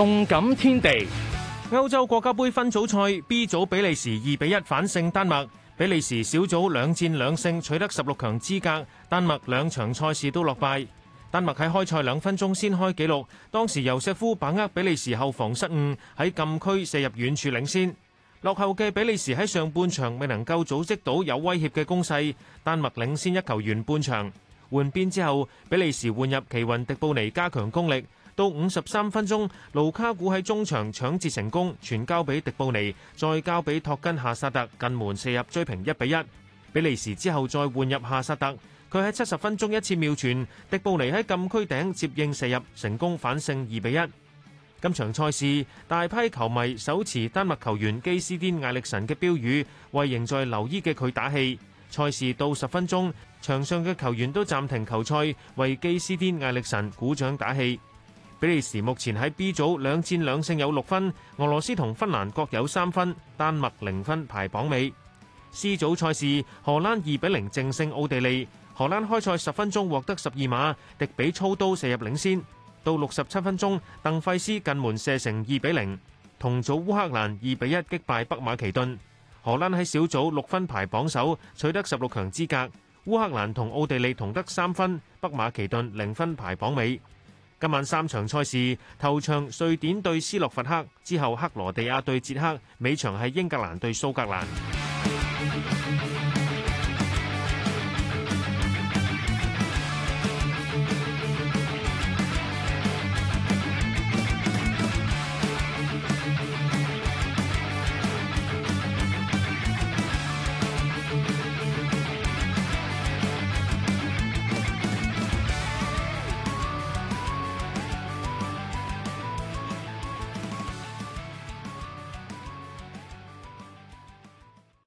動感天地，歐洲國家盃分組賽 B 組比利時二比一反勝丹麥，比利時小組兩戰兩勝取得十六強資格，丹麥兩場賽事都落敗。丹麥喺開賽兩分鐘先開紀錄，當時尤瑟夫把握比利時後防失誤喺禁區射入遠處領先。落後嘅比利時喺上半場未能夠組織到有威脅嘅攻勢，丹麥領先一球完半場。換邊之後，比利時換入奇雲迪布尼加強攻力。到五十三分鐘，盧卡古喺中場搶截成功，傳交俾迪布尼，再交俾托根夏薩特近門射入追平一比一。比利時之後再換入夏薩特，佢喺七十分鐘一次妙傳，迪布尼喺禁區頂接應射入，成功反勝二比一。今場賽事大批球迷手持丹麥球員基斯甸艾歷臣嘅標語，為仍在留醫嘅佢打氣。賽事到十分鐘，場上嘅球員都暫停球賽，為基斯甸艾歷臣鼓掌打氣。比利時目前喺 B 組兩戰兩勝有六分，俄羅斯同芬蘭各有三分，丹麥零分排榜尾。C 組賽事，荷蘭二比零淨勝奧地利。荷蘭開賽十分鐘獲得十二碼，迪比操刀射入領先。到六十七分鐘，鄧費斯近門射成二比零。同組烏克蘭二比一擊敗北馬其頓。荷蘭喺小組六分排榜首，取得十六強資格。烏克蘭同奧地利同得三分，北馬其頓零分排榜尾。今晚三場賽事，頭場瑞典對斯洛伐克，之後克羅地亞對捷克，尾場係英格蘭對蘇格蘭。